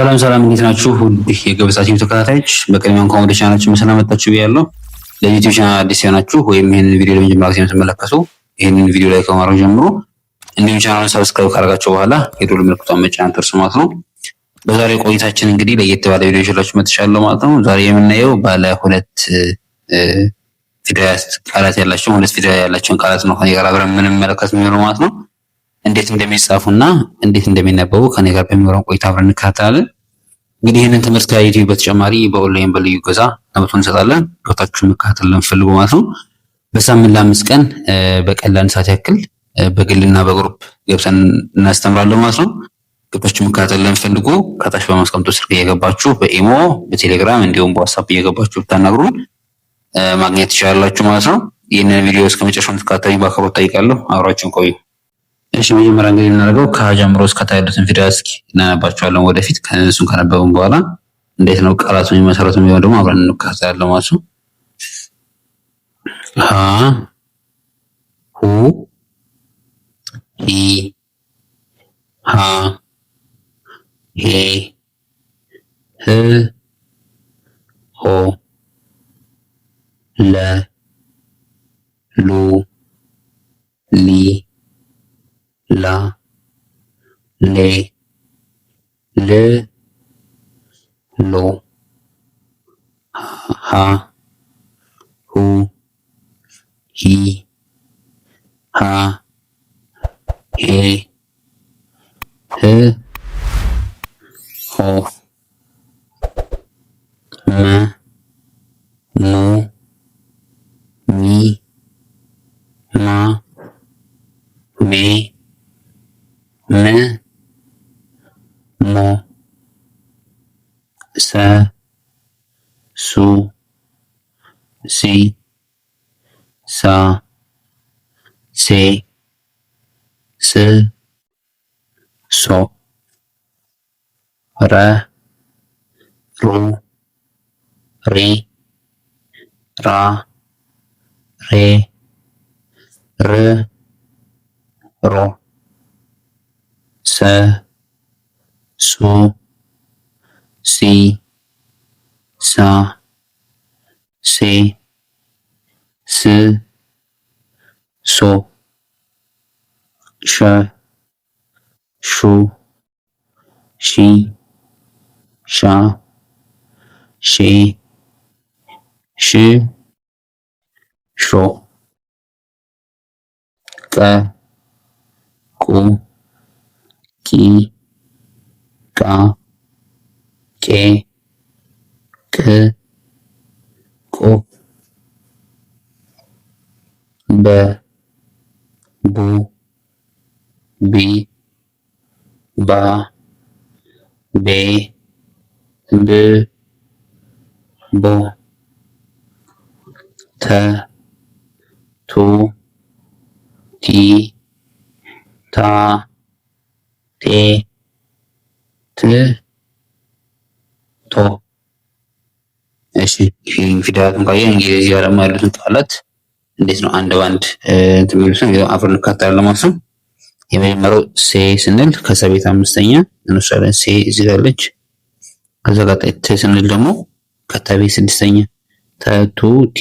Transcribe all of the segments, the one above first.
ሰላም ሰላም፣ እንዴት ናችሁ? ውድ የገበሳችሁ ተከታታዮች በቅድሚያ እንኳን ወደ ቻናላችን መሰናመጣችሁ ብያለሁ። ለዩቲዩብ ቻናል አዲስ የሆናችሁ ወይም ይህንን ቪዲዮ ለመጀመሪያ ጊዜ የምትመለከቱ ይህንን ቪዲዮ ላይ ከማድረግ ጀምሮ እንዲሁም ቻናሉን ሰብስክራይብ ካደረጋችሁ በኋላ የደወል ምልክቷን መጫን አትርሱ ማለት ነው። በዛሬ ቆይታችን እንግዲህ ለየት ባለ ቪዲዮ ይዤላችሁ መጥቻለሁ ማለት ነው። ዛሬ የምናየው ባለ ሁለት ፊደላት ቃላት ያላቸውን ሁለት ፊደላት ያላቸውን ቃላት ነው ከእኔ ጋር አብረን የምንመለከት የሚሆነው ማለት ነው። እንዴት እንደሚጻፉና እንዴት እንደሚነበቡ ከኔ ጋር በሚኖረን ቆይታ አብረን እንከታተላለን። እንግዲህ ይህንን ትምህርት ከዩቲዩብ በተጨማሪ በኦንላይን በልዩ ገዛ ለመቶ እንሰጣለን። ዶታችሁ መከታተል ለምፈልጉ ማለት ነው። በሳምንት ለአምስት ቀን በቀላል ሰዓት ያክል በግልና በግሩፕ ገብተን እናስተምራለን ማለት ነው። ገብታችሁ መከታተል ለምፈልጉ ከታች በማስቀምጦ ስልክ እየገባችሁ በኢሞ በቴሌግራም እንዲሁም በዋትሳፕ እየገባችሁ ብታናግሩን ማግኘት ትችላላችሁ ማለት ነው። ይህንን ቪዲዮ እስከመጨረሻው እንድትከታተሉ በአክብሮት ጠይቃለሁ። አብራችሁን ቆዩ። እሺ መጀመሪያ እንግዲህ የምናደርገው ከጀምሮ እስከ ታ ያሉትን ፊደላት እስኪ እናነባቸዋለን። ወደፊት ከእሱን ካነበብን በኋላ እንዴት ነው ቃላቱ የሚመሰረቱ የሚሆን ደግሞ አብረን እንከታተላለን ማለት ነው። ሀ ሁ ሂ ሃ ሄ ህ ሆ ለ ሉ ሊ ላ ሌ ል ሎ ሃ ሁ ሂ ሃ ሄ ህ ሆ መ ኑ ሰ ሱ ሲ ሳ ሴ ስ ሶ ረ ሩ ሪ ራ ሬ ር ሮ ሰ 苏西沙西斯苏沙苏西沙西西说卡库基。ቃ ቄ ቅ ቁ በ ቡ ቢ ባ ቤ ብ ቦ ተ ቱ ቲ ታ ቴ ቶ እሺ ፊደላትን ካየን እንግሊዝኛ ደግሞ ያሉትን ቃላት እንዴት ነው አንድ ባንድ ትሚሉትን አብረን እንካታለን ለማለት ነው። የመጀመሪያው ሴ ስንል ከሰቤት አምስተኛ እንወስዳለን። ሴ እዚህ ጋር አለች። ከዛ ቀጣይ ት ስንል ደግሞ ከተቤት ስድስተኛ ተቱ ቲ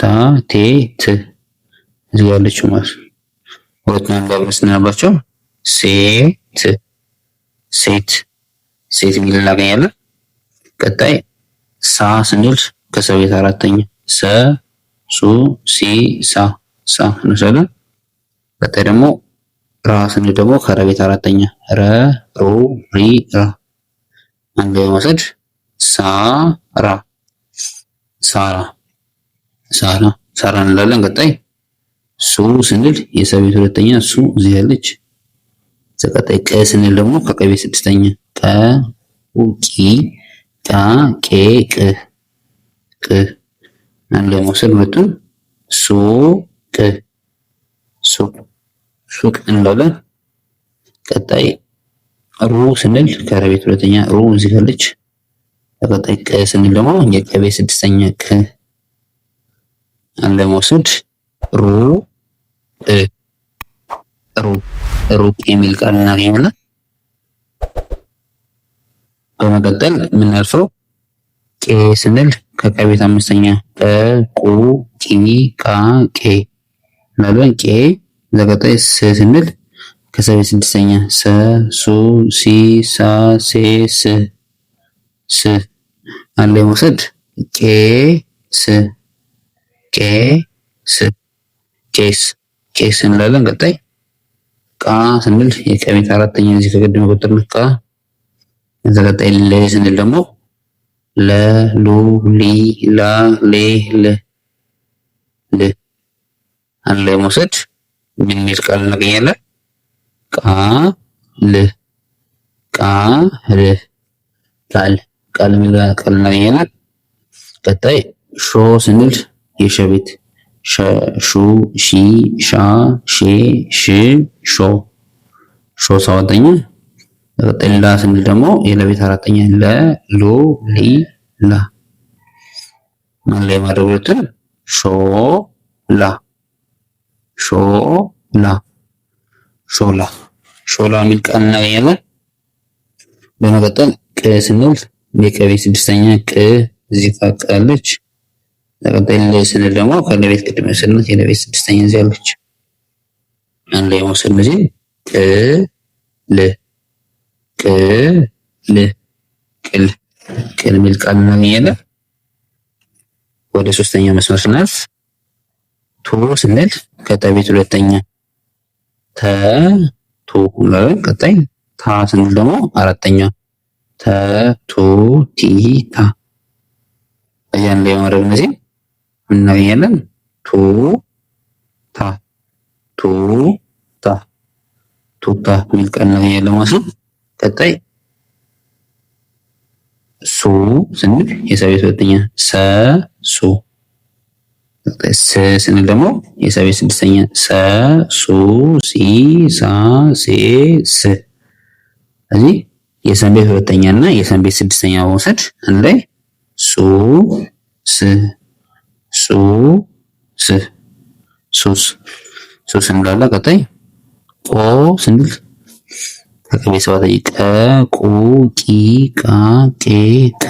ታ ቴ ት እዚህ ጋር አለች ማለት ነው። ሁለቱን አንድ አብረን ስናነባቸው ሴት ሴት ሴት ሚል እናገኛለን። ቀጣይ ሳ ስንል ከሰ ቤት አራተኛ ሰ ሱ ሲ ሳ ሳ እንወስዳለን። ቀጣይ ደግሞ ራ ስንል ደግሞ ከረ ቤት አራተኛ ረ ሩ ሪ ራ አንድ ላይ መውሰድ ሳ ራ ሳራ ሳራ ሳራ እንላለን። ቀጣይ ሱ ስንል የሰ ቤት ሁለተኛ ሱ እዚህ ያለች ዘቀጣይ ቀ ስንል ደግሞ ከቀቤ ስድስተኛ ቀ ቂ ቃ ቄ ቅ ቅ ለመውሰድ ሁለቱን ሱ ቅ ሱቅ ሱቅ እንላለን። ቀጣይ ሩ ስንል ከረቤት ሁለተኛ ሩ እዚህ ካለች በቀጣይ ቀ ስንል ደግሞ የቀቤ ስድስተኛ ቅ ለመውሰድ ሩ ሩ ሩቅ የሚል ቃል እናገኛለን። በመቀጠል የምናልፈው ቄ ስንል ከቀ ቤት አምስተኛ ቀ ቁ ቂ ቃ ቄ ምናልባት ቄ ዘቀጣይ ስ ስንል ከሰ ቤት ስድስተኛ ሰ ሱ ሲ ሳ ሴ ስ ስ አንድ ላይ መውሰድ ቄ ስ ቄ ስ ቄስ ቄስ እንላለን ቀጣይ ቃ ስንል የቀቤት አራተኛ እዚህ ከቀደም ቁጥር ነው። ቃ ዘቀጣይ ለ ስንል ደግሞ ለ ሉ ሊ ላ ሌ ለ ል አንድ ላይ መውሰድ የሚል ቃል እናገኛለን። ቃ ል ቃ ል ቃል ቃል የሚል ቃል እናገኛለን። ቀጣይ ሾ ስንል የሸቤት ሹ ሺ ሻ ሼ ሽ ሾ ሾ ሰባተኛ ቀጣይ ላ ስንል ደግሞ የለቤት አራተኛ ለ ሎ ሊ ላ ማን ላይ ማድረጉትን ሾ ላ ሾ ላ ሾላ ሾላ የሚል ቃል እናገኛለን። በመቀጠል ቅ ስንል የቀቤት ስድስተኛ ቅ እዚህ ታውቃለች። ቀጣይ ላይ ስንል ደግሞ ከለቤት ቅድመ ስነት የነቤት ስድስተኛ እዚህ አለች አንድ ላይ መውሰድ ነው። እዚህ ቅል ቅል ቅል ቅል የሚል ቃል እናገኛለን። ወደ ሶስተኛ መስመር ስናልፍ ቱ ስንል ከተቤት ሁለተኛ ተ ቱ እንላለን። ቀጣይ ታ ስንል ደግሞ አራተኛ ተ ቱ ቲ ታ እያን ላይ ማድረግ ነው ምነው እያለን ቱ ታ ቱ ታ ቱታ የሚል ቃል ነው ማለት ነው። ቀጣይ ሱ ስንል የሰቤት ሁለተኛ ሰ ሱ ስ ስንል ደግሞ የሰቤት ስድስተኛ ሰ ሱ ሲ ሳ ሴ ስ እዚህ የሰንቤት ሁለተኛ እና የሰንቤት ስድስተኛ በመውሰድ አንድ ላይ ሱ ስ ሱስ ሱስ ሱስ እንላለን። ቀጣይ ቆ ስንል ከቤተሰብ ተይ ቀ ቁ ቂ ቃ ቄ ቅ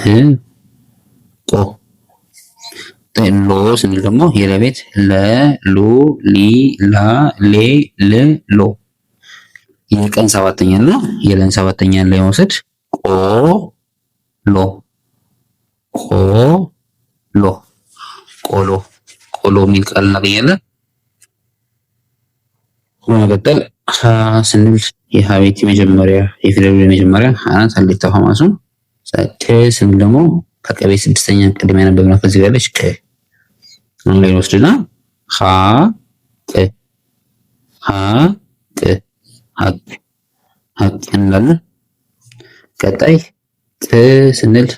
ቆ ሎ ስንል ደግሞ የለቤት ለ ሉ ሊ ላ ሌ ል ሎ የቀን ሰባተኛ እና የለን ሰባተኛ ላይ መውሰድ ቆ ሎ ቆ ሎ ቆሎ ቆሎ የሚል ቃል እናገኛለን። በመቀጠል ሀ ስንል የሀ ቤት የመጀመሪያ የፊደሉ የመጀመሪያ ሀ ናት። አሌታ ውሃ ማለት ነው። ክ ስንል ደግሞ ከቀቤ ስድስተኛ ቅድም ያነበብነው ከዚህ ጋር ያለች ክ ላይ ወስድና ሀ ቅ ሀ ቅ ሀቅ ሀቅ እንላለን። ቀጣይ ቅ ስንል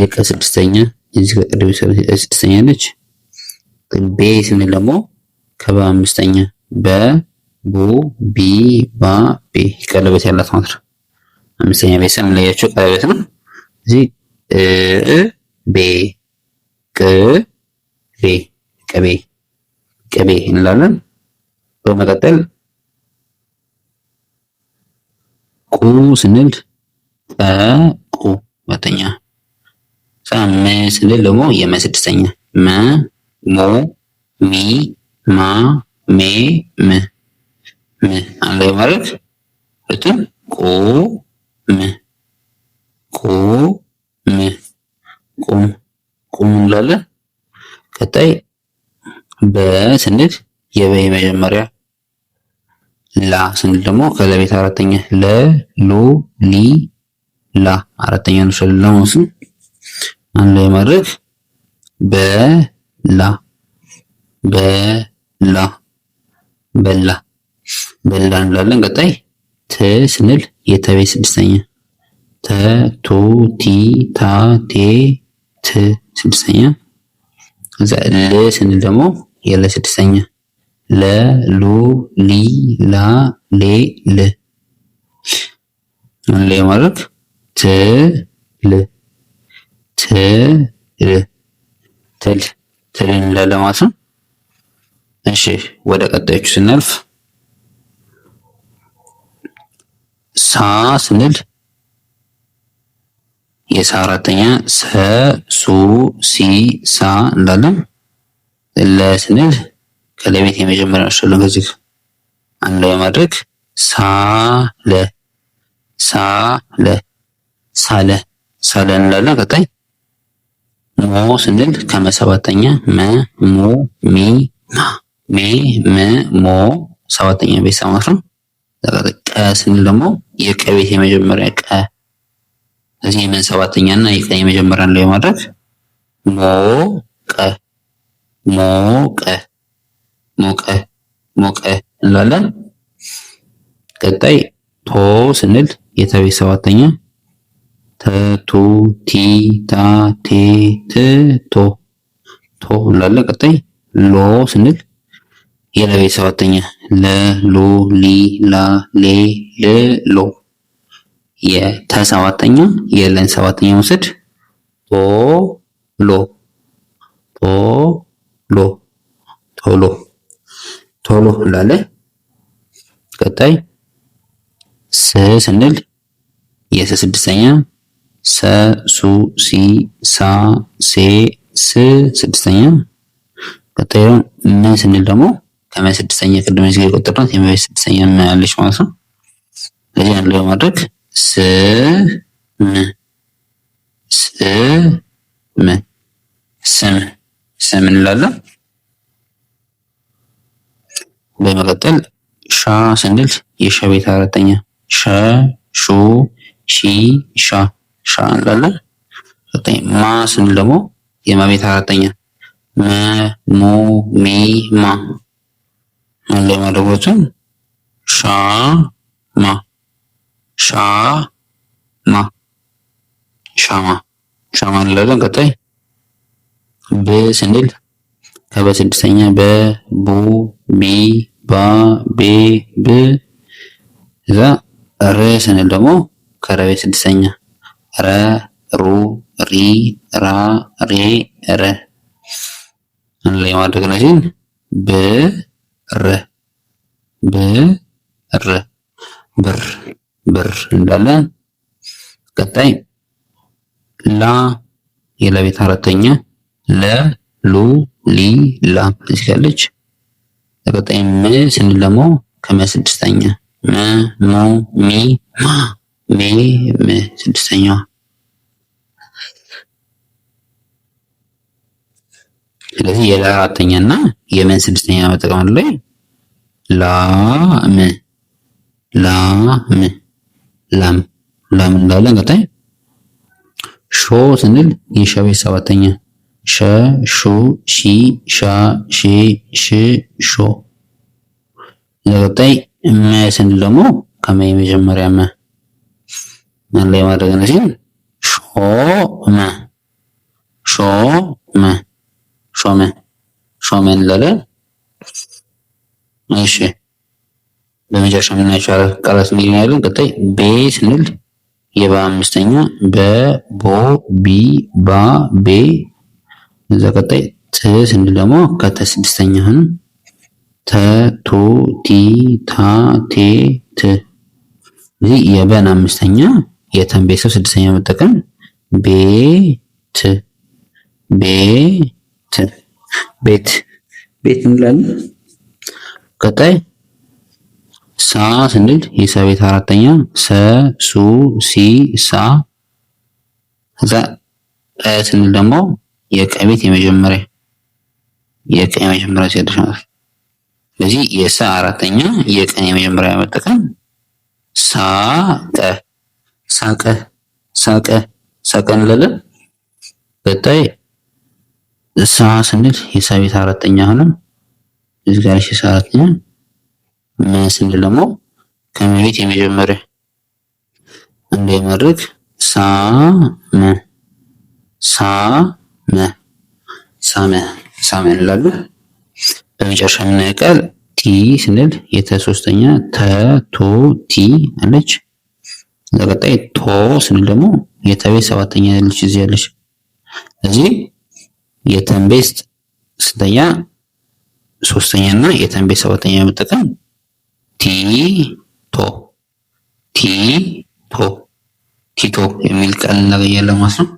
የቀ ስድስተኛ እዚህ ከቅድም ስድስተኛ ነች። ቤ ስንል ደግሞ ከበ አምስተኛ በ ቢ ባ ቤ ቀለበት ያላት ማለት ነው። አምስተኛ ቤተሰብ የምንለያቸው ቀለበት ነው። እዚህ ቤ ቅ ቤ ቅቤ ቅቤ እንላለን። በመቀጠል ቁ ስንል ቀም ስንል ደግሞ የመስድስተኛ መ ሙ ሚ ማ ሜ ም ም አንድ ላይ ማድረግ ሁለቱም ቁ ም ቁ ም ቁም ቁም እንላለን። ቀጣይ በ ስንል የበ የመጀመሪያ ላ ስንል ደግሞ ከለቤት አራተኛ ለ ሉ ሊ ላ አራተኛ ነው። ስለዚህ አንድ ላይ ማድረግ በላ በላ በላ በላ እንላለን። ቀጣይ ት ስንል የተቤት ስድስተኛ ተ ቱ ቲ ታ ቴ ት ስድስተኛ። እዛ ል ስንል ደግሞ የለ ስድስተኛ ለ ሉ ሊ ላ ሌ ል አንድ ላይ ማድረግ ት ል ትል ትል ትል እንላለን ማለት ነው። እሺ ወደ ቀጣዮቹ ስናልፍ ሳ ስንል የሳ አራተኛ ሰ ሱ ሲ ሳ እንላለን። ለ ስንል ከለቤት የመጀመሪያ ሸለን ከዚህ አንድ በማድረግ ሳ ለ ሳ ለ ሳለ ሳለ እንላለን። ቀጣይ ሞ ስንል ከመሰባተኛ መ ሙ ሚ ማ ሜ መ ሞ ሰባተኛ ቤተሰብ ማለት ነው። ቀ ስንል ደግሞ የቀ ቤት የመጀመሪያ ቀ እዚህ የምን ሰባተኛ እና የቀ የመጀመሪያ ላይ ማድረግ ሞ ቀ ሞ ቀ ሞቀ ሞቀ እንላለን። ቀጣይ ቶ ስንል የተቤት ሰባተኛ ተቱ ቲ ታ ቴ ት ቶ ቶ እንዳለ ቀጣይ ሎ ስንል የለቤት ሰባተኛ ለ ሎ ሊ ላ ሌ ል ሎ የተ ሰባተኛ የለን ሰባተኛ መውሰድ ቶ ሎ ቶ ሎ ቶሎ ቶሎ እንዳለ ቀጣይ ስ ስንል የሰ ስድስተኛ ሰ ሱ ሲ ሳ ሴ ስ ስድስተኛ። ቀጣዩን ም ስንል ደግሞ ከመ ስድስተኛ ቅድም እዚህ የቆጠርናት የመ ስድስተኛ ም ማለት ነው። ስለዚህ አንድ ላይ ስ ም ስ ም ስም ስም እንላለን። በመቀጠል ሻ ስንል የሸ ቤት አራተኛ ሸ ሹ ሺ ሻ ሻ እንላለን። ዘጠኝ ማ ስንል ደግሞ የማቤት አራተኛ መ ሙ ሚ ማ መለያ መደቦችን ሻ ማ ሻ ማ ሻማ ሻማ እንላለን። ቀጣይ ብ ስንል ከበስድስተኛ በ ቡ ቢ ባ ቤ ብ እዛ ር ስንል ደግሞ ከረቤት ስድስተኛ ረ ሩ ሪ ራ ሬ ር አንድ ላይ ማድረግ ናችን ብ ር ብር ብር እንዳለ ቀጣይ ላ የለቤት አራተኛ ለ ሉ ሊ ላ እዚህ ያለች ተቀጣይ ም ስንል ደግሞ ከመስድስተኛ መ ሙ ሚ ማ ሜ ም ስድስተኛዋ ስለዚህ የላ አራተኛ እና የምን ስድስተኛ መጠቀም አለ። ላም ላም ላም ላም እንዳለን ቀጣይ ሾ ስንል የሻ ቤት ሰባተኛ ሸ ሹ ሺ ሻ ሼ ሽ ሾ። ቀጣይ መ ስንል ደግሞ ከመ የመጀመሪያ መ ምን ላይ ማድረግ ነው ሲል ሾመ ሾመ ሾመ ሾመ እንላለን። እሺ በመጨረሻ የምናያቸው አራት ቃላት እንግዲህ ያለን ቀጣይ ቤ ስንል የባ አምስተኛ በ ቦ ቢ ባ ቤ እዛ ቀጣይ ት ስንል ደግሞ ከተ ስድስተኛ ህን ተ ቱ ቲ ታ ቴ ት እዚህ የበን አምስተኛ የተን ቤተሰብ ስድስተኛ መጠቀም ቤት ቤት ቤት ቤት እንላለን። ቀጣይ ሳ ስንል የሳ ቤት አራተኛ ሰ ሱ ሲ ሳ ከዛ ስንል ደግሞ የቀ ቤት የመጀመሪያ የቀ የመጀመሪያ ሲያደርሽ ማለት ስለዚህ የሳ አራተኛ የቀን የመጀመሪያ መጠቀም ሳቀ ሳቀ ሳቀ ሳቀ እንላለን። ቀጣይ ሰዓ ስንል የሳቤት አራተኛ ሆነም እዚህ ጋር ሺ ሰዓትኛ መ ስንል ደግሞ ከመቤት የመጀመሪያ እንዳይመርቅ ሳመ ሳመ ሳመ ሳመ እንላለን። በመጨረሻ የምናየው ቃል ቲ ስንል የተሶስተኛ ተቶ ቲ አለች። ቀጣይ ቶ ስንል ደግሞ የተቤት ሰባተኛ ያለች እዚህ ያለች እዚህ የተንቤስት ስንተኛ ሶስተኛ እና የተንቤት ሰባተኛ በመጠቀም ቲ ቶ ቲ ቶ ቲቶ የሚል ቃል እናገኛለን ማለት ነው።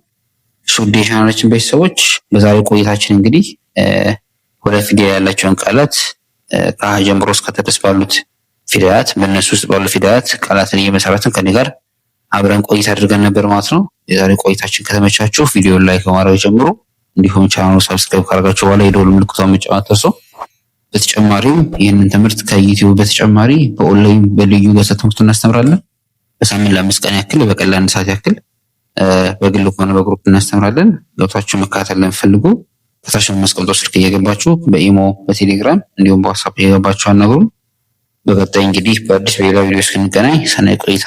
ሾዴሻናችን ቤተሰቦች በዛሬ ቆይታችን እንግዲህ ወደ ፊደል ያላቸውን ቃላት ከሀ ጀምሮ እስከ ባሉት ፊደላት በእነሱ ውስጥ ባሉ ፊደላት ቃላትን እየመሰረትን ከኔ ጋር አብረን ቆይታ አድርገን ነበር ማለት ነው። የዛሬ ቆይታችን ከተመቻችሁ ቪዲዮ ላይክ በማድረግ ጀምሩ። እንዲሁም ቻናሉ ሰብስክራይብ ካደረጋችሁ በኋላ የደወል ምልክቷን መጫን አትርሱ። በተጨማሪም ይህንን ትምህርት ከዩቲዩብ በተጨማሪ በኦንላይን በልዩ ገጸ ትምህርቱ እናስተምራለን። በሳምንት ለአምስት ቀን ያክል በቀን ለአንድ ሰዓት ያክል በግል ሆነ በግሩፕ እናስተምራለን። ገብታችሁ መከታተል ለምፈልጉ ከታች በማስቀምጠው ስልክ እየገባችሁ በኢሞ በቴሌግራም እንዲሁም በዋትሳፕ እየገባችሁ አናግሩን። በቀጣይ እንግዲህ በአዲስ በሌላ ቪዲዮ እስክንገናኝ ሰናይ ቆይታ